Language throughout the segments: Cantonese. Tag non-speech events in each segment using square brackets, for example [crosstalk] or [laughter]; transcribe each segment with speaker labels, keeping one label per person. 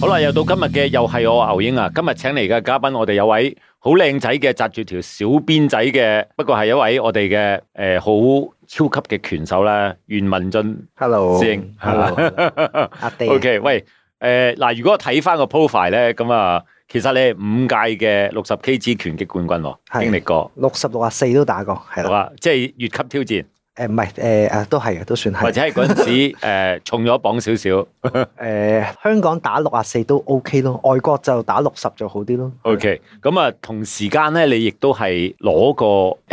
Speaker 1: 好啦，又到今日嘅，又係我牛英啊！今日請嚟嘅嘉賓，我哋有位好靚仔嘅，紮住條小辮仔嘅，不過係一位我哋嘅誒，好、呃、超級嘅拳手啦，袁文俊，Hello，師兄，Hello，阿 Day，OK，喂，誒，嗱，如果我睇翻個 profile 咧，咁啊，其實你係五屆嘅六十 KG 拳擊冠軍，經歷過
Speaker 2: 六十六啊四都打過，
Speaker 1: 係啦，即係越級挑戰。
Speaker 2: 誒，唔係，誒，誒都係嘅，都算係。或者係嗰
Speaker 1: 陣時重咗磅少少。誒 [laughs] 、
Speaker 2: 呃、香港打六啊四都 OK 咯，外國就打六十就好啲咯。
Speaker 1: OK，咁啊的同時間咧，你亦都係攞個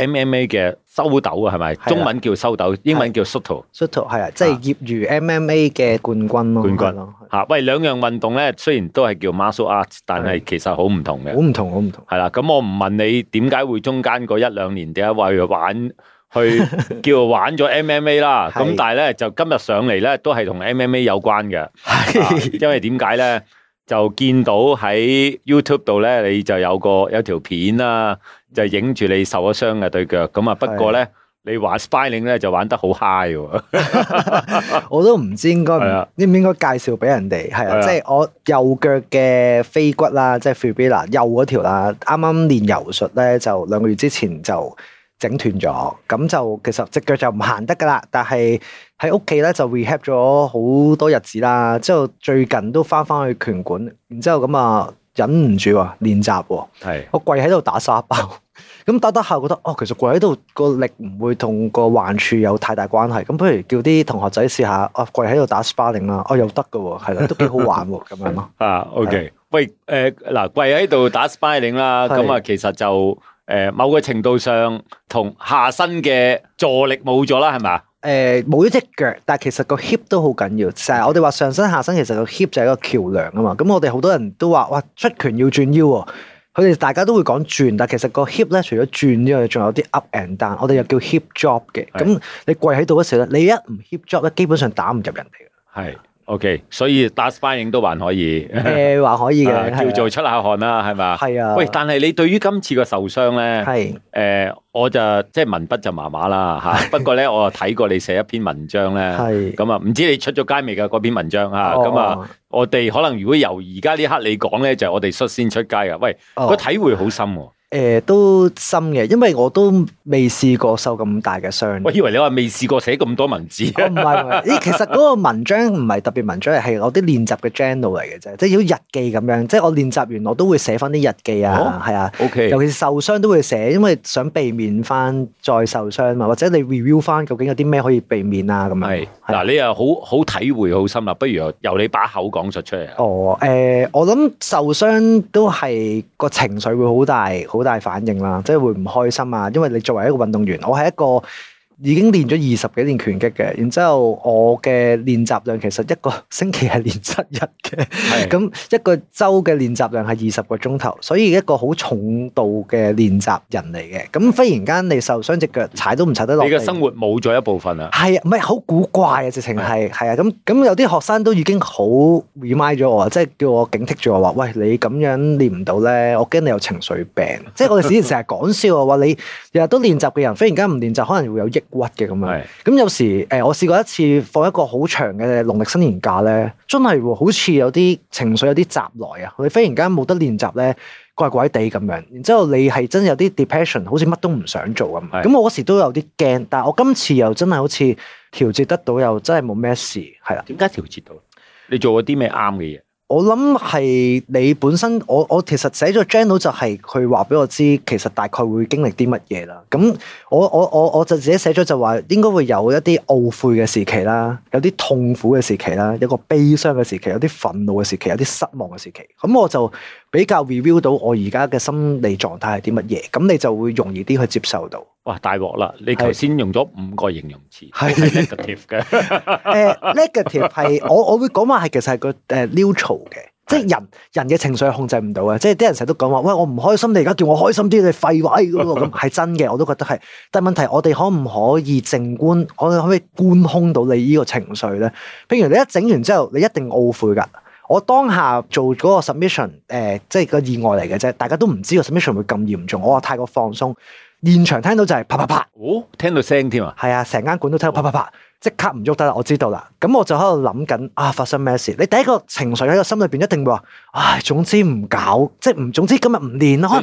Speaker 1: MMA 嘅收斗啊，係咪？的中文叫收斗，英文叫 Shooto。
Speaker 2: Shooto 係啊，即係、就是、業餘 MMA 嘅冠軍咯。冠軍咯
Speaker 1: 嚇，的的喂，兩樣運動咧，雖然都係叫 martial arts，但係其實好唔同嘅。好唔同，好唔同。係啦，咁我唔問你點解會中間嗰一兩年點解要玩？去叫玩咗 MMA 啦，咁但係咧就今日上嚟咧都係同 MMA 有關嘅。因為點解咧就見到喺 YouTube 度咧，你就有個有條片啦，就影住你受咗傷嘅對腳，咁啊不過咧你玩 spinning 咧就玩得好 high 喎，
Speaker 2: 我都唔知應該應唔應該介紹俾人哋。係啊，即係我右腳嘅腓骨啦，即係 fibula 右嗰條啦，啱啱練柔術咧就兩個月之前就。整斷咗，咁就其實隻腳就唔行得噶啦。但係喺屋企咧就 rehab 咗好多日子啦，之後最近都翻翻去拳館，然之後咁啊，忍唔住啊練習喎。係我跪喺度打沙包，咁打得下，覺得哦，其實跪喺度個力唔會同個患處有太大關係。咁不如叫啲同學仔試下，哦跪喺度打 sparring 啦，哦又得噶喎，係啦，都幾好玩喎，咁樣
Speaker 1: 咯。啊，OK，喂，誒嗱，跪喺度打 sparring 啦，咁啊，其實就。誒，某個程度上同下身嘅助力冇咗啦，係咪？
Speaker 2: 誒、呃，冇咗隻腳，但係其實個 hip 都好緊要。其實我哋話上身下身，其實個 hip 就係一個橋樑啊嘛。咁我哋好多人都話，哇，出拳要轉腰，哦。佢哋大家都會講轉，但其實個 hip 咧，除咗轉之外，仲有啲 up and down。我哋又叫 hip drop 嘅。咁是你跪喺度嗰時候咧，你一唔 hip drop 咧，基本上打唔入人哋。
Speaker 1: 係。OK，所以打 sparring 都還可以，誒，話可以嘅，叫做出下汗啦，係嘛？係啊。喂，但係你對於今次嘅受傷咧，係誒，我就即係文筆就麻麻啦吓。不過咧，我就睇過你寫一篇文章咧，係咁啊，唔知你出咗街未？㗎嗰篇文章啊，咁啊，我哋可能如果由而家呢刻你講咧，就我哋率先出街啊。喂，個體會好深。
Speaker 2: 誒都深嘅，因為我都未試過受咁大嘅傷。我以
Speaker 1: 為你話未試過寫咁多文字。我唔係唔係，咦？其實嗰
Speaker 2: 個文章唔係特別文章嚟，係我啲練習嘅 journal 嚟嘅啫，即係好似日記咁樣。即係我練習完我都會寫翻啲日記啊，係啊。OK。尤其是受傷都會寫，因為想避免翻再受傷嘛，或者你 review 翻究竟有啲咩可以避免啊咁樣。
Speaker 1: 係嗱，你又好好體會好深啦，不如由由你把口講述出嚟啊。哦，
Speaker 2: 誒，我諗受傷都係個情緒會好大，好。大反應啦，即係會唔開心啊，因為你作為一個運動員，我係一個，已經練咗二十幾年拳擊嘅，然之後我嘅練習量其實一個星期係練七日嘅，咁是的、嗯、一個週嘅練習量係二十個鐘頭，所以一個好重度嘅練習人嚟嘅。咁、嗯、忽然間你受傷隻腳踩都唔踩得落，你嘅生
Speaker 1: 活冇咗一部分啦。
Speaker 2: 係啊，唔係好古怪啊，直情係，係啊，咁、嗯、咁、嗯嗯嗯、有啲學生都已經好 remind 咗我，即係叫我警惕住，我話，喂，你咁樣練唔到咧，我驚你有情緒病。 [laughs] 即係我哋以前成日講笑啊，話你日日都練習嘅人，忽然間唔練習可能會有抑。骨嘅咁樣，咁有時誒，我試過一次放一個好長嘅農曆新年假咧，真係好似有啲情緒有啲襲來啊，你忽然間冇得練習咧，怪怪地咁樣，然之後你係真有啲 depression，好似乜都唔想做咁，咁我嗰時都有啲驚，但係我今次又真係好似調節得到，又真係冇咩事，係啦。點解調節到？
Speaker 1: 你做過啲咩啱嘅嘢？
Speaker 2: 我諗係你本身，我我其實寫咗 journal 就係佢話俾我知，其實大概會經歷啲乜嘢啦。咁我我我我就自己寫咗就話，應該會有一啲懊悔嘅時期啦，有啲痛苦嘅時期啦，有個悲傷嘅時期，有啲憤怒嘅時期，有啲失望嘅時期。咁我就。比較 review 到我而家嘅心理狀態係啲乜嘢，咁你就會容易啲去接受到。
Speaker 1: 哇！大鑊啦！你頭先用咗五個形容詞，係 negative 嘅。誒，negative 係我
Speaker 2: 我會講話係其實係個誒 neutral 嘅，即係人人嘅情緒係控制唔到嘅，即係啲人成日都講話，喂，我唔開心，你而家叫我開心啲，你廢話嗰，咁係真嘅，我都覺得係。但係問題，我哋可唔可以靜觀，我哋可可唔可以觀空到你呢個情緒咧？譬如你一整完之後，你一定懊悔㗎。我當下做嗰個 submission，誒、呃，即係個意外嚟嘅啫，大家都唔知道個 submission 會咁嚴重，我話太過放鬆，現場聽到就係啪啪啪，哦，聽到聲添啊，係啊，成間館都聽到啪啪啪。即刻唔喐得啦，我知道啦。咁我就喺度諗緊啊，發生咩事？你第一個情緒喺個心裏邊一定會話，唉、哎，總之唔搞，即係唔總之今日唔練咯。係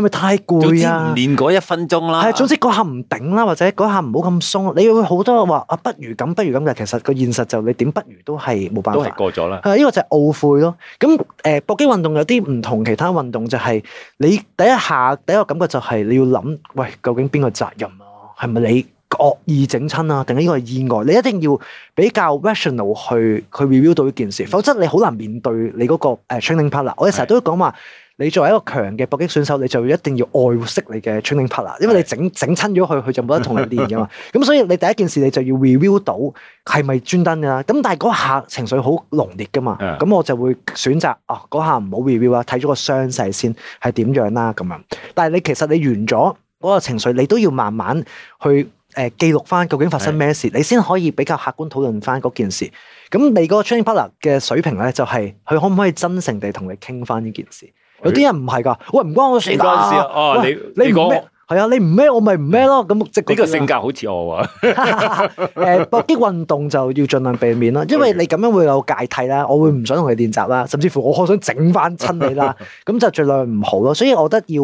Speaker 2: 咪、嗯、太攰啊？總之唔練
Speaker 1: 嗰一分鐘啦。
Speaker 2: 係，總之嗰下唔頂啦，或者嗰下唔好咁鬆。你會好多話啊，不如咁，不如咁嘅。其實個現實就你點不如都係冇辦法。都係過咗啦。係啊，呢、這個就係懊悔咯。咁誒，搏擊運動有啲唔同其他運動，就係你第一下第一個感覺就係你要諗，喂，究竟邊個責任啊？係咪你？惡意整親啊，定係呢個係意外？你一定要比較 rational 去去 review 到呢件事，否則你好難面對你嗰個 training partner。嗯、我哋成日都講話，你作為一個強嘅搏擊選手，你就一定要愛惜你嘅 training partner，因為你整整親咗佢，佢就冇得同你練噶嘛。咁 [laughs] 所以你第一件事你就要 review 到係咪專登㗎啦。咁但係嗰下情緒好濃烈噶嘛，咁、嗯、我就會選擇哦嗰下唔好 review 啦，睇咗個傷勢先係點樣啦咁樣。但係你其實你完咗嗰、嗰個情緒，你都要慢慢去。誒、呃、記錄翻究竟發生咩事，的你先可以比較客觀討論翻嗰件事。咁你嗰個 training partner 嘅水平咧，就係、是、佢可唔可以真誠地同你傾翻呢件事？的有啲人唔係㗎，喂，唔關我事啊！唔關事啊，啊，你你講不。你係啊，你唔孭，我咪唔孭咯，咁即係呢個性格好似我喎。誒，搏擊運動就要盡量避免啦，因為你咁樣會有芥蒂啦，我會唔想同你練習啦，甚至乎我想 [laughs] 好想整翻親你啦，咁就盡量唔好咯。所以我覺得要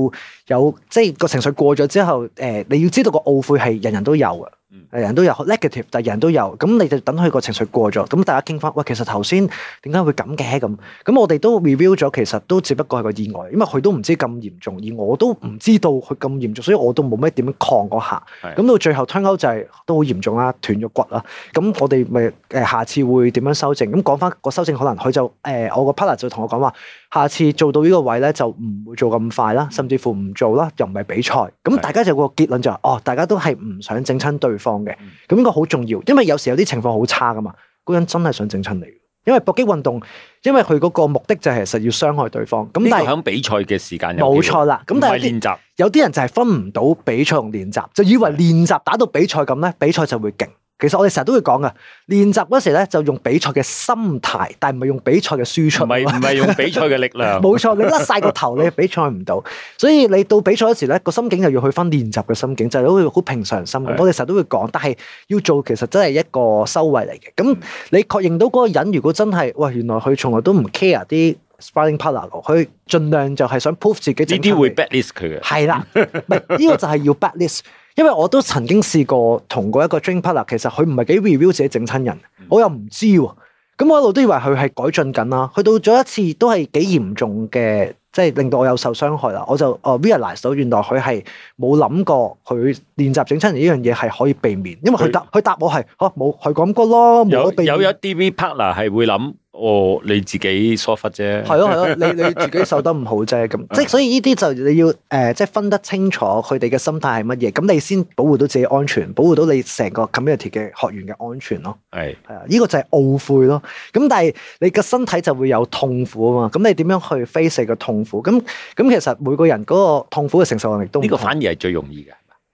Speaker 2: 有即係個情緒過咗之後，誒，你要知道個懊悔係人人都有嘅。係人都有 negative，但係人都有咁，你就等佢個情緒過咗。咁大家傾翻，喂，其實頭先點解會咁嘅咁？咁我哋都 review 咗，其實都只不過係個意外，因為佢都唔知咁嚴重，而我都唔知道佢咁嚴重，所以我都冇咩點樣抗嗰下。咁的到最後 turn out 就係、是、都好嚴重啦，斷咗骨啦。咁我哋咪誒，下次會點樣修正？咁講翻個修正，可能佢就誒、呃，我個 partner 就同我講話，下次做到呢個位咧，就唔會做咁快啦，甚至乎唔做啦，又唔係比賽。咁大家就個結論就係、是，哦，大家都係唔想整親隊方嘅，咁個好重要，因為有時有啲情況好差噶嘛，嗰人真係想整親你。因為搏擊運動，因為佢嗰個目的就係實要傷害對方。咁但係喺
Speaker 1: 比賽嘅時間入，冇錯啦。咁但係練習，
Speaker 2: 有啲人就係分唔到比賽同練習，就以為練習打到比賽咁咧，的比賽就會勁。其實我哋成日都會講噶，練習嗰時咧就用比賽嘅心態，但係唔係用比賽嘅輸
Speaker 1: 出，唔係唔係用比賽嘅力量。冇錯，你甩晒個
Speaker 2: 頭，你比賽唔到。所以你到比賽嗰時咧，個心境就要去翻練習嘅心境，就係好似好平常心。我哋成日都會講，但係要做，其實真係一個修為嚟嘅。咁你確認到嗰個人，如果真係，喂，原來佢從來都唔 care 啲 sparring partner，佢盡量就係想 prove 自己。呢啲會
Speaker 1: bad list 佢嘅。係啦，
Speaker 2: 唔係呢個就係要 bad list。因為我都曾經試過同過一個 drink partner 其實佢唔係幾 review 自己整親人，我又唔知喎。咁我一路都以為佢係改進緊啦，去到咗一次都係幾嚴重嘅，即係令到我有受傷害啦。我就啊 realize 到原來佢係冇諗過佢練習整親人呢樣嘢係可以避免，因為佢答佢他 答我係嚇冇係咁個咯，冇有一
Speaker 1: 啲 drink partner 係會諗。哦，你自己疏忽啫，係咯，係咯，你你自己受得唔好啫，
Speaker 2: 咁即係所以呢啲就你要誒，即、呃、係、就是、分得清楚佢哋嘅心態係乜嘢，咁你先保護到自己安全，保護到你成個 community 嘅學員嘅安全咯。
Speaker 1: 係係啊，呢、呢個
Speaker 2: 就係懊悔咯。咁但係你個身體就會有痛苦啊嘛，咁你點樣去 face 個痛苦？咁咁其實每個人嗰個痛苦嘅承受能力
Speaker 1: 都唔同。呢個反而係最容易嘅。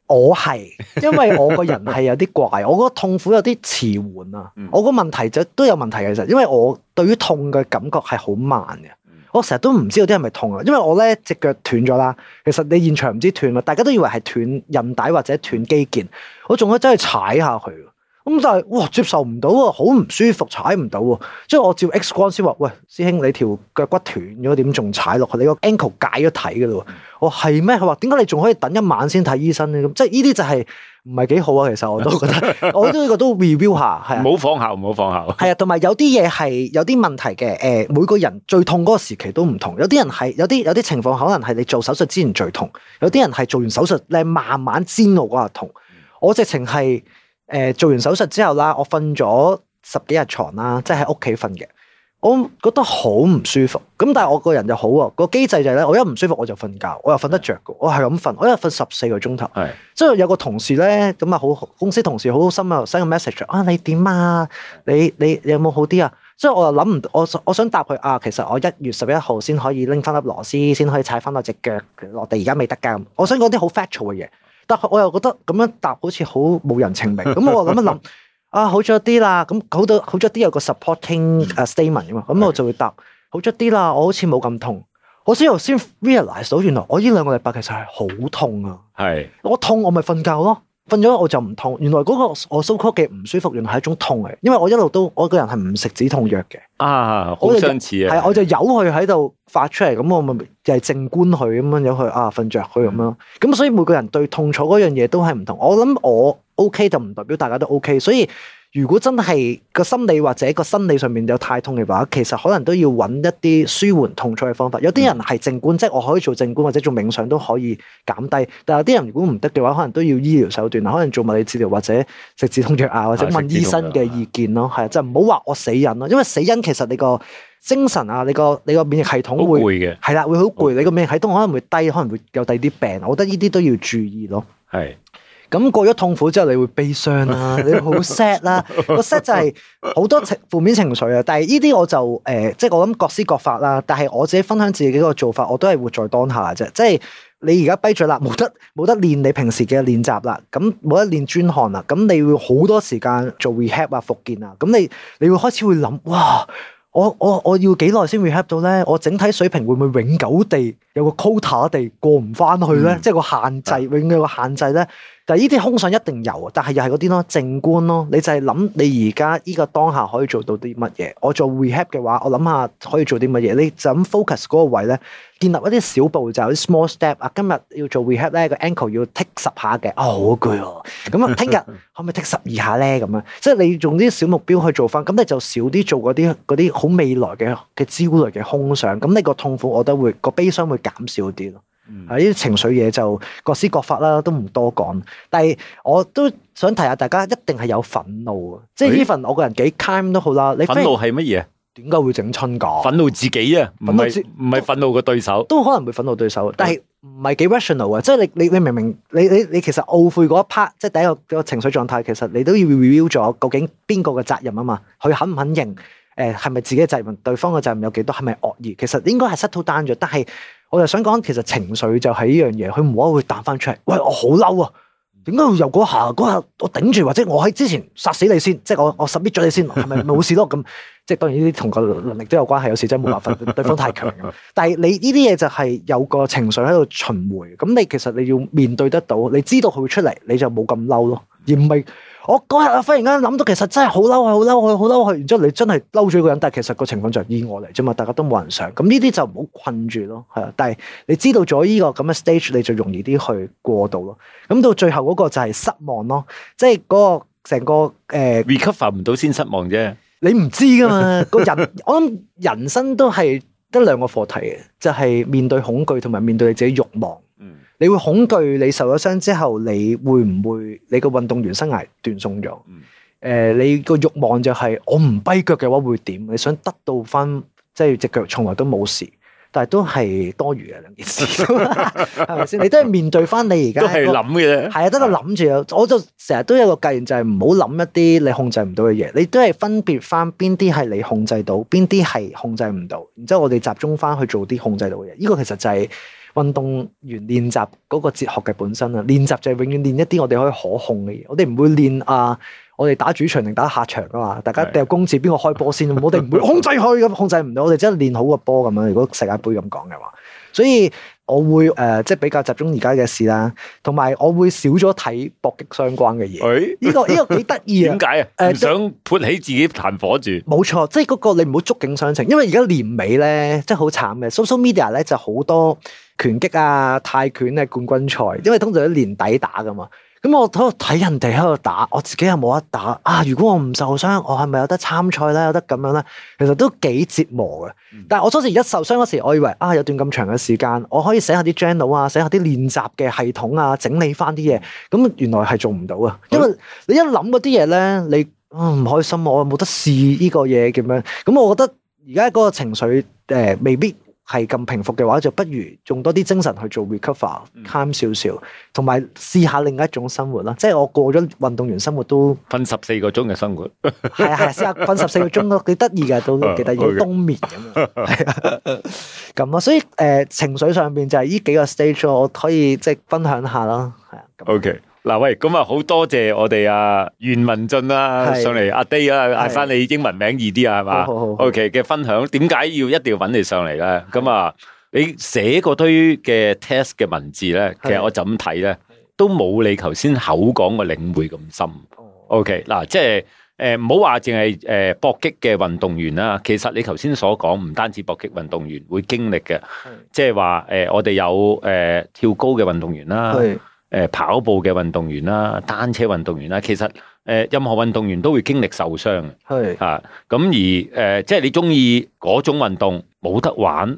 Speaker 2: 我係，因為我個人係有啲怪， [laughs] 我個痛苦有啲遲緩啊， [noise] 我個問題就都有問題嘅，其實，因為我對於痛嘅感覺係好慢嘅，我成日都唔知道啲係咪痛啊，因為我咧隻腳斷咗啦，其實你現場唔知斷啦，大家都以為係斷韌帶或者斷肌腱，我仲可真係去踩下佢。咁就係哇，接受唔到喎，好唔舒服，踩唔到喎。即係我照 X 光先話，喂師兄，你條腳骨斷咗，點仲踩落去？你個 ankle 解咗體㗎喇喎。嗯，我係咩？佢話點解你仲可以等一晚先睇醫生咧？咁即係呢啲就係唔係幾好啊？其實我都覺得， [laughs] 我呢個都 review
Speaker 1: 下，係啊，冇放下，唔好放下。
Speaker 2: 係啊，同埋有啲嘢係有啲問題嘅。誒，每個人最痛嗰個時期都唔同。有啲人係有啲有啲情況，可能係你做手術之前最痛；有啲人係做完手術咧，你慢慢煎熬嗰個痛。我直情係。誒，做完手術之後啦，我瞓咗十幾日床啦，即係喺屋企瞓嘅，我覺得好唔舒服。咁但係我個人就好喎，個機制就係咧，我一唔舒服我就瞓覺，我又瞓得着嘅是的，我係咁瞓，我一日瞓十四個鐘頭。係，即係有個同事咧，咁啊好好，公司同事好好心啊，send 個 message 啊，你，啊你，你，你，你有有點啊？你你你有冇好啲啊？即係我又諗唔，我我想答佢啊，其實我一月十一號先可以拎翻粒螺絲，先可以踩翻我隻腳落地，而家未得噶。我想講啲好 factual 嘅嘢。但我又覺得咁樣答好似好冇人情味，咁我諗一諗 [laughs] 啊，好咗啲啦，咁好到好咗啲有個 supporting statement 啊嘛，咁我就會答好咗啲啦，我好似冇咁痛。我先頭先 realize 到，原來我呢兩個禮拜其實係好痛啊是，我痛我咪瞓覺咯。瞓咗我就唔痛，原來嗰個我 so called 嘅唔舒服，原來係一種痛嚟。因為我一路都我個人係唔食止痛藥嘅，
Speaker 1: 啊好相似啊，係我
Speaker 2: 就由佢喺度發出嚟，咁我咪就係靜觀佢咁樣樣去啊瞓着佢咁樣，咁是的 所以每個人對痛楚嗰樣嘢都係唔同，是的 我諗我 OK 就唔代表大家都 OK，所以。如果真係個心理或者個生理上面有太痛嘅話，其實可能都要揾一啲舒緩痛楚嘅方法。有啲人係靜觀，嗯、即係我可以做靜觀或者做冥想都可以減低。但有啲人如果唔得嘅話，可能都要醫療手段，可能做物理治療或者食止痛藥啊，或者問醫生嘅意見咯。係啊，就唔好話我死人咯，因為死人其實你個精神啊，你個你個免疫系統會係啦，會好攰，你個免疫系統可能會低，可能會有第二啲病。我覺得呢啲都要注意咯。係。咁過咗痛苦之後，你會悲傷啦， [laughs] 你好 sad 啦，個 [laughs] sad 就係好多情負面情緒啊。但係呢啲我就誒，即、呃、係、就是、我諗各思各法啦。但係我自己分享自己個做法，我都係活在當下啫。即、就、係、是、你而家跛咗啦，冇得冇得練你平時嘅練習啦，咁冇得練專項啦，咁你要好多時間做 rehab 啊復健啊，咁你你會開始會諗哇，我我我要幾耐先 rehab 到咧？我整體水平會唔會永久地有個 quota 地過唔翻去咧？即係、嗯、個限制，的永久個限制咧？但係呢啲空想一定有，啊，但係又係嗰啲咯，靜觀咯，你就係諗你而家呢個當下可以做到啲乜嘢。我做 rehab 嘅話，我諗下可以做啲乜嘢。你就咁 focus 嗰個位咧，建立一啲小步驟，small step 啊，今日要做 rehab 咧，個 ankle 要 tick 十下嘅，啊好攰哦。咁啊，聽日 [laughs] 可唔可以 tick 十二下咧？咁啊，即係你用啲小目標去做翻，咁你就少啲做嗰啲啲好未來嘅嘅焦慮嘅空想，咁你個痛苦我覺得會個悲傷會減少啲咯。係呢啲情緒嘢就各施各法啦，都唔多講。但係我都想提下，大家一定係有憤怒，哎、即係呢份我個人幾 kind 都好啦。你憤怒係
Speaker 1: 乜嘢？
Speaker 2: 點解會整親噶？憤怒
Speaker 1: 自己啊，唔係唔係憤怒個都對手。都
Speaker 2: 可能會憤怒對手，嗯、但係唔係幾 rational 啊？即係你你你，你明明你你你其實懊悔嗰一 part，即係第一個一個情緒狀態，其實你都要 review 咗究竟邊個嘅責任啊嘛？佢肯唔肯認？誒係咪自己嘅責任？對方嘅責任有幾多？係咪惡意？其實應該係 settle down 咗，但係我就想講，其實情緒就係呢樣嘢，佢唔可會彈翻出嚟。喂，我好嬲啊！點解要由嗰下嗰下我頂住，或者我喺之前殺死你先，即係我我 submit 咗你先，係咪冇事咯？咁即係當然呢啲同個能力都有關係，有時真係冇辦法，對方太強。但係你呢啲嘢就係有個情緒喺度循環，咁你其實你要面對得到，你知道佢會出嚟，你就冇咁嬲咯，而唔係。我日啊，忽然間諗到，其實真係好嬲，佢好嬲佢，好嬲佢。然之後你真係嬲咗一個人，但係其實個情況就意外嚟啫嘛，大家都冇人想。咁呢啲就唔好困住咯，係啊。但係你知道咗依個咁嘅 stage，你就容易啲去過度咯。咁到最後嗰個就係失望咯，即係嗰個成個
Speaker 1: 誒、呃、recover 唔到先失望啫。
Speaker 2: 你唔知噶嘛，個人 [laughs] 我諗人生都係得兩個課題嘅，就係、是、面對恐懼同埋面對你自己慾望。你會恐懼，你受咗傷之後，你會唔會你個運動員生涯斷送咗？誒、呃，你個慾望就係、是、我唔跛腳嘅話會點？你想得到翻即係隻腳從來都冇事，但係都係多餘嘅兩件事，係咪先？你都係面對翻你而家都係諗嘅啫，係啊我，得個諗住啊，我就成日的都有個格言就係唔好諗一啲你控制唔到嘅嘢，你都係分別翻邊啲係你控制到，邊啲係控制唔到，然之後我哋集中翻去做啲控制到嘅嘢，呢、這個其實就係、是。運動員練習嗰個哲學嘅本身啊，練習就係永遠練一啲我哋可以可控嘅嘢，我哋唔會練啊，我哋打主場定打客場㗎嘛，大家掉公字，邊個開波先， [laughs] 我哋唔會控制佢咁，控制唔到，我哋真係練好個波咁樣。如果世界盃咁講嘅話，所以。我會誒、呃，即係比較集中而家嘅事啦，同埋我會少咗睇搏擊相關嘅嘢。呢、
Speaker 1: 哎這個呢、這個幾得意啊？點解啊？誒、呃，想撥起自己團火住。
Speaker 2: 冇錯，即係嗰個你唔好觸景傷情，因為而家年尾咧，即係好慘嘅 social media 咧，就好、是、多拳擊啊、泰拳嘅、啊、冠軍賽，因為通常喺年底打㗎嘛。咁我喺度睇人哋喺度打，我自己又冇得打啊！如果我唔受傷，我係咪有得參賽咧？有得咁樣咧？其實都幾折磨嘅。但係我初時一受傷嗰時，我以為啊，有段咁長嘅時間，我可以寫下啲 journal 啊，寫下啲練習嘅系統啊，整理翻啲嘢。咁原來係做唔到啊！因為你一諗嗰啲嘢咧，你唔、嗯、開心，我又冇得試呢個嘢咁樣。咁我覺得而家嗰個情緒誒、呃、未必。係咁平復嘅話，就不如用多啲精神去做 recover、time、嗯、少少，同埋試下另一種生活啦。即係我過咗運動員生活都瞓
Speaker 1: 十四個鐘嘅生活，係啊係啊，試下瞓十四個鐘
Speaker 2: 都幾得意嘅，都幾得意冬眠
Speaker 1: 咁
Speaker 2: 啊。咁啊，所以誒、呃、情緒上邊就係呢幾個 stage，我可以即係、就是、分享下啦。係
Speaker 1: 啊，OK。嗱喂，咁啊好多謝我哋阿袁文俊啦，上嚟，阿 Day 啊，嗌翻你英文名易啲啊，係嘛？好，好，好。OK 嘅分享，點解要一定要揾你上嚟咧？咁啊，你寫嗰堆嘅 test 嘅文字咧，其實我就咁睇咧，都冇你頭先口講個領會咁深。OK，嗱，即係誒，唔好話淨係誒搏擊嘅運動員啦，其實你頭先所講唔單止搏擊運動員會經歷嘅，即係話誒，我哋有誒跳高嘅運動員啦。誒跑步嘅運動員啦，單車運動員啦，其實誒任何運動員都會經歷受傷嘅，係咁是、啊、而誒、呃，即係你中意嗰種運動冇得玩，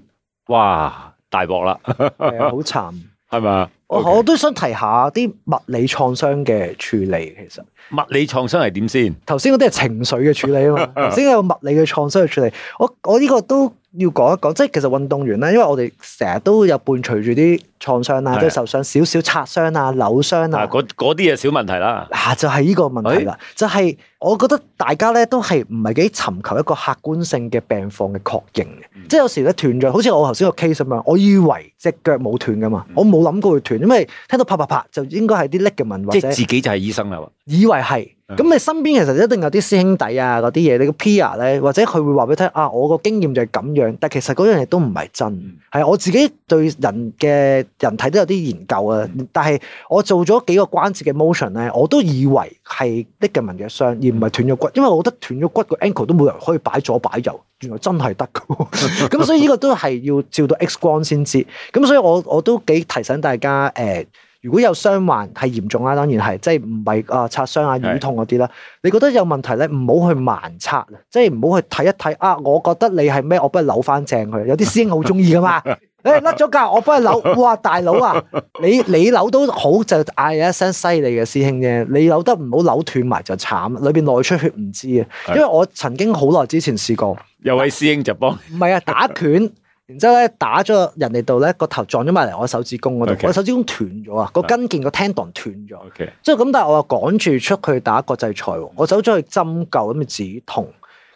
Speaker 1: 哇！大鑊啦，係好慘，係咪啊？
Speaker 2: 我我都想提下啲物理創傷嘅處理，其實
Speaker 1: 物理創傷係點先？頭先
Speaker 2: 嗰啲係情緒嘅處理啊嘛，頭先 [laughs] 有物理嘅創傷嘅處理，我我呢個都。要講一講，即係其實運動員咧，因為我哋成日都有伴隨住啲創傷啊，即係的受傷少少擦傷啊、扭傷啊。
Speaker 1: 嗰啲嘢小問題啦。嗱、
Speaker 2: 啊，就係、是、呢個問題啦，哎、就係我覺得大家咧都係唔係幾尋求一個客觀性嘅病況嘅確認嘅，嗯、即係有時咧斷咗，好似我頭先個 case 咁啊，我以為隻腳冇斷噶嘛，我冇諗過會斷，因為聽到啪啪啪就應該係啲叻嘅問或者自
Speaker 1: 己就係醫生啦喎，
Speaker 2: 以為係。咁你身邊其實一定有啲師兄弟啊，嗰啲嘢，你個 peer 咧，或者佢會話俾你聽啊，我個經驗就係咁樣，但其實嗰樣嘢都唔係真，係我自己對人嘅人體都有啲研究啊。但係我做咗幾個關節嘅 motion 咧，我都以為係 ligament 嘅傷而唔係斷咗骨，因為我覺得斷咗骨個 ankle 都冇人可以擺左擺右，原來真係得㗎。咁 [laughs] [laughs] 所以呢個都係要照到 X 光先知。咁所以我我都幾提醒大家誒。呃如果有傷患係嚴重啦，當然係，即係唔係啊擦傷啊、瘀痛嗰啲啦，是的 你覺得有問題咧，唔好去盲擦，即係唔好去睇一睇啊！我覺得你係咩，我幫你扭翻正佢。有啲師兄好中意噶嘛，誒甩咗架，我幫你扭。哇，大佬啊，你你扭都好，就嗌一聲犀利嘅師兄啫。你扭得唔好扭斷埋就慘，裏邊內出血唔知啊。因為我曾經好耐之前試過，
Speaker 1: 有位師兄就幫唔係啊打
Speaker 2: 拳。 [laughs] 然之後咧，打咗人哋度咧，個頭撞咗埋嚟我手指公嗰度，Okay. 我手指公斷咗啊，個筋腱個 tendon 斷咗，即係咁。但係我又趕住出去打國際賽，我走咗去針灸咁止痛，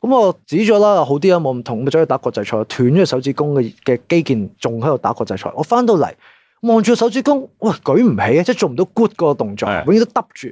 Speaker 2: 咁我止咗啦，好啲啊，冇唔同，咁走去打國際賽，斷咗手指公嘅嘅肌腱仲喺度打國際賽。我翻到嚟望住手指公，喂、哎、舉唔起啊，即係做唔到 good 嗰個動作，Okay. 永遠都耷住。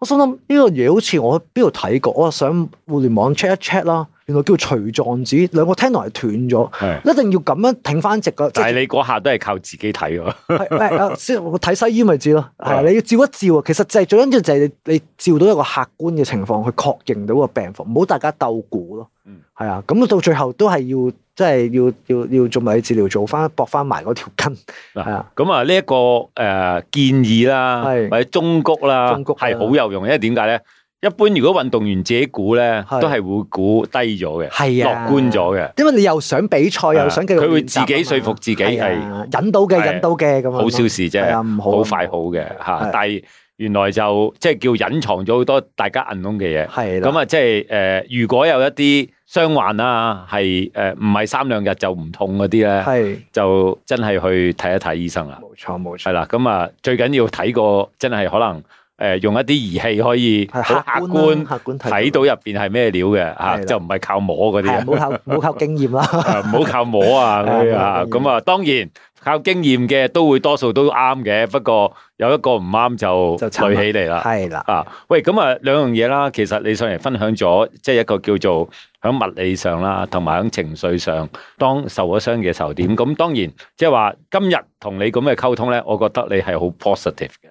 Speaker 2: 我心諗呢個嘢好似我喺邊度睇過，我想互聯網 check 一 check 咯。原來叫除狀子，兩個 tendon 係斷咗，是一定要咁樣挺翻直噶。
Speaker 1: 但係你嗰下都係靠自己睇喎。係、 [laughs] 哎、啊，
Speaker 2: 先我睇西醫咪知咯。係啊，你要照一照啊。其實就係最緊要就係你你照到一個客觀嘅情況，去確認到個病情，唔好大家鬥估咯。係、嗯、啊。咁、嗯、到最後都係要，即、就、係、是、要要要,要做埋治療，做翻駁翻埋嗰條筋。
Speaker 1: 係啊。咁啊，呢、這、一個誒、呃、建議啦，或者是中谷啦，中谷，係好有用，因為點解咧？一般如果運動員自己估咧，都係會估低咗嘅，樂觀咗嘅。
Speaker 2: 因為你又想比賽，又想佢會自
Speaker 1: 己說服自己係
Speaker 2: 引到嘅，引到嘅。咁好小事啫，
Speaker 1: 好快好嘅吓。但係原來就即係叫隱藏咗好多大家暗中嘅嘢。係咁啊，即係誒，如果有一啲傷患啊，係誒唔係三兩日就唔痛嗰啲咧，係就真係去睇一睇醫生啦。冇錯冇錯。係啦，咁啊，最緊要睇過真係可能。誒，用一啲儀器可以好客觀客觀睇到入邊係咩料嘅嚇，就唔係靠摸嗰啲，唔好靠唔好
Speaker 2: 靠經驗啦，唔好靠
Speaker 1: 摸啊，咁啊，咁啊！當然靠經驗嘅都會多數都啱嘅，不過有一個唔啱就累起嚟啦，係啦啊！喂，咁啊兩樣嘢啦，其實你上嚟分享咗，即係一個叫做響物理上啦，同埋響情緒上，當受咗傷嘅時候點？咁當然即係話今日同你咁嘅溝通咧，我覺得你係好 positive 嘅。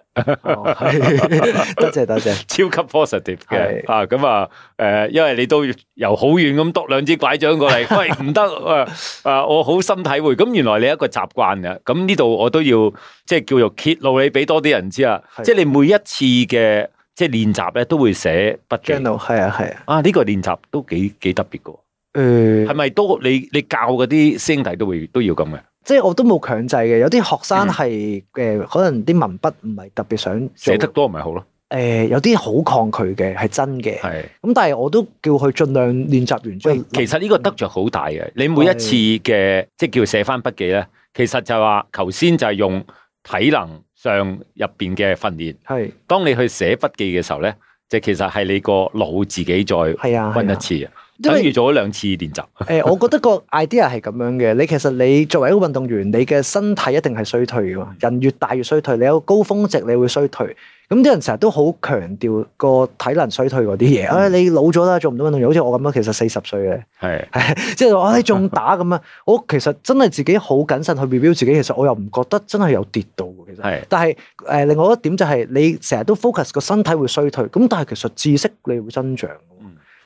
Speaker 1: 多謝多謝，超級 positive 嘅啊，咁啊，誒，因為你都由好遠咁篤兩支拐杖過嚟， [laughs] 喂，唔得啊，啊、呃，我好深體會，咁原來你一個習慣嘅，咁呢度我都要即係叫做揭露你，俾多啲人知啊，的即係你每一次嘅即係練習咧都會寫筆 journal 係啊係啊，啊、這、呢個練習都幾幾特別噶，誒、嗯，係咪都你你教嗰啲師弟都會都要咁嘅？
Speaker 2: 即係我都冇強制嘅，有啲學生係嘅、嗯呃，可能啲文筆唔係特別想寫得多，唔係好咯。誒，有啲好抗拒嘅係真嘅，係咁是，但係我都叫佢盡量練習完。即
Speaker 1: 其實呢個得着好大嘅，嗯、你每一次嘅即係叫寫翻筆記咧，是其實就話頭先就係用體能上入邊嘅訓練。係是，當你去寫筆記嘅時候咧，就其實係你個腦自己再温一次。我越做咗兩次練習。
Speaker 2: 誒，呃呃、我覺得個 idea 係咁 [laughs] 樣嘅。你其實你作為一個運動員，你嘅身體一定係衰退嘅嘛。人越大越衰退，你有高峰值，你會衰退。咁啲人成日都好強調個體能衰退嗰啲嘢。誒、嗯啊，你老咗啦，做唔到運動員。好似我咁樣，其實四十歲
Speaker 1: 嘅，
Speaker 2: 係，即係話你仲打咁樣。我其實真係自己好謹慎去 review 自己。其實我又唔覺得真係有跌到其實，係的。但係誒、呃，另外一點就係你成日都 focus 個身體會衰退。咁但係其實知識你會增長。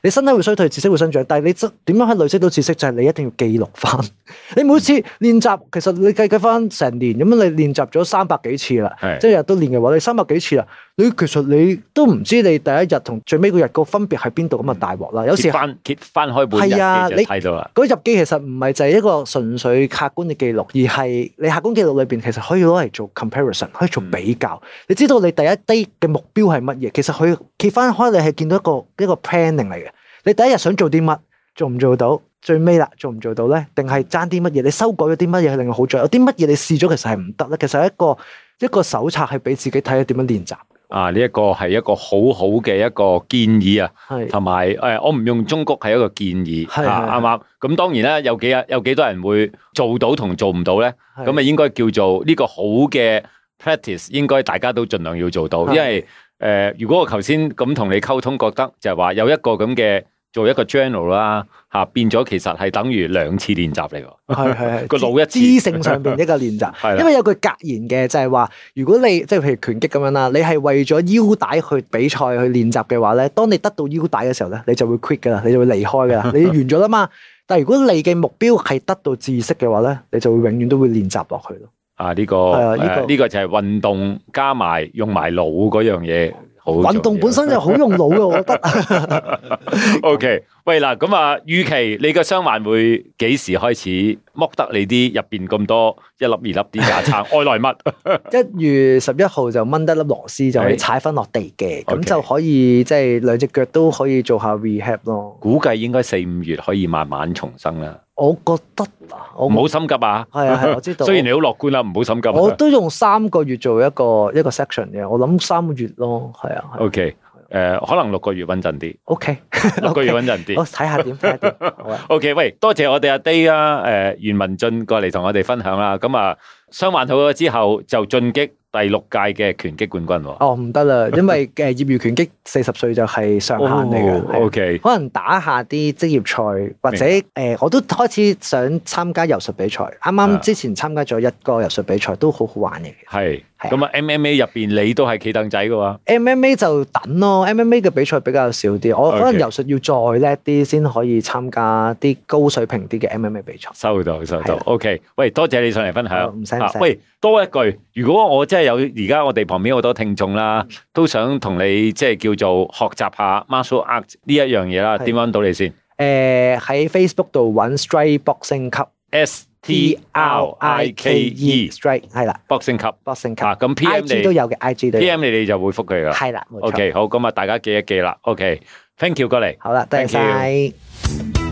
Speaker 2: 你身體會衰退，知識會生長，但係你點樣去累積到知識？就係、是、你一定要記錄翻。 [laughs] 你每次練習，其實你計計翻成年咁樣，你練習咗三百幾次啦，是即係日日都練嘅話，你三百幾次啦。你其實你都唔知你第一日同最尾個日個分別喺邊度咁啊大鑊啦！有時揭翻
Speaker 1: 揭翻開本係啊，你嗰、那
Speaker 2: 個、入機其實唔係就係一個純粹客觀嘅記錄，而係你客觀記錄裏邊其實可以攞嚟做 comparison，可以做比較。嗯、你知道你第一日嘅目標係乜嘢？其實佢揭翻開你係見到一個一個 planning 嚟嘅。你第一日想做啲乜？做唔做到？最尾啦，做唔做到咧？定係爭啲乜嘢？你修改咗啲乜嘢令你好咗？有啲乜嘢你試咗其實係唔得咧？其實一個一個手冊係俾自己睇，點樣練習？
Speaker 1: 啊！呢一個係一個好好嘅一個建議啊，同埋誒，我唔用中國係一個建議嚇，啱唔啱？咁當然啦，有幾啊，有幾多人會做到同做唔到咧？咁啊是，應該叫做呢個好嘅 practice，應該大家都盡量要做到，是因為誒、呃，如果我頭先咁同你溝通，覺得就係話有一個咁嘅。做一個 journal 啦，啊，吓變咗其實係等於兩次練習嚟㗎。係
Speaker 2: 係個腦一次知，知性上邊一個練習。係 [laughs] 的因為有句格言嘅就係話，如果你即係譬如拳擊咁樣啦，你係為咗腰帶去比賽去練習嘅話咧，當你得到腰帶嘅時候咧，你就會 quick 噶啦，你就會離開噶啦， [laughs] 你就完咗啦嘛。但係如果你嘅目標係得到知識嘅話咧，你就會永遠都會練習落去咯。
Speaker 1: 啊，呢、這個呢、這個啊這個就係運動加埋用埋腦嗰樣嘢。運動
Speaker 2: 本身就好用腦嘅，我覺得。
Speaker 1: [laughs] [laughs] o、okay, K，喂嗱，咁啊，預期你個傷患會幾時開始剝得你啲入邊咁多一粒二粒啲架撐？愛嚟乜？
Speaker 2: [laughs] 月一月十一號就掹得粒螺絲，就可以踩翻落地嘅，咁 [laughs] 就可以 Okay. 即係兩隻腳都可以做
Speaker 1: 下 rehab 咯。估計應該四五月可以慢慢重生啦。
Speaker 2: 我覺得
Speaker 1: 啊，唔好心急啊，係啊，我知道。雖然你好樂觀啦，啊，唔好 [laughs] 心急，啊。 [laughs] 我都
Speaker 2: 用三個月做一個一個 section 嘅，我諗三個月咯，係啊。
Speaker 1: OK，誒、 [laughs] 呃，可能六個月穩陣啲。OK， [laughs] 六個月穩陣啲。我睇下點睇下點。 [laughs] [laughs] OK，喂，多謝我哋阿 Day 啊，誒、呃，袁文俊過嚟同我哋分享啦，咁啊。雙環套咗之後就進擊第六屆嘅拳擊冠軍、哦。
Speaker 2: 哦，唔得啦，因為誒、呃、業餘拳擊四十歲就係上限嚟噶。哦、o、okay、K。可能打一下啲職業賽或者誒、呃，我都開始想參加游術比賽。啱啱之前參加咗一個游術比賽，都好好玩嘅。
Speaker 1: 係是，咁啊 M M A 入邊你都係企凳仔嘅喎。
Speaker 2: M M A 就等咯，M M A 嘅比賽比較少啲。我可能游術要再叻啲先可以參加啲高水平啲嘅 M M A 比賽。
Speaker 1: 收到，收到。的 o、okay, K，喂，多謝你上嚟分享、哦。唔使。喂，多一句，如果我真係有而家我哋旁邊好多聽眾啦，都想同你即係叫做學習下 Martial Arts 呢一樣嘢啦，點揾到你先？
Speaker 2: 誒，喺 Facebook 度揾 Strike Boxing Cup，S
Speaker 1: T R I K E
Speaker 2: Strike 係啦，Boxing Cup，Boxing Cup。咁 P M 你 I G 都有嘅，I G 都有。P
Speaker 1: M 你哋就回覆佢噶。係啦，冇錯。O K，好，咁啊，大家記一記啦。O K，thank you 過嚟。好啦，多謝晒。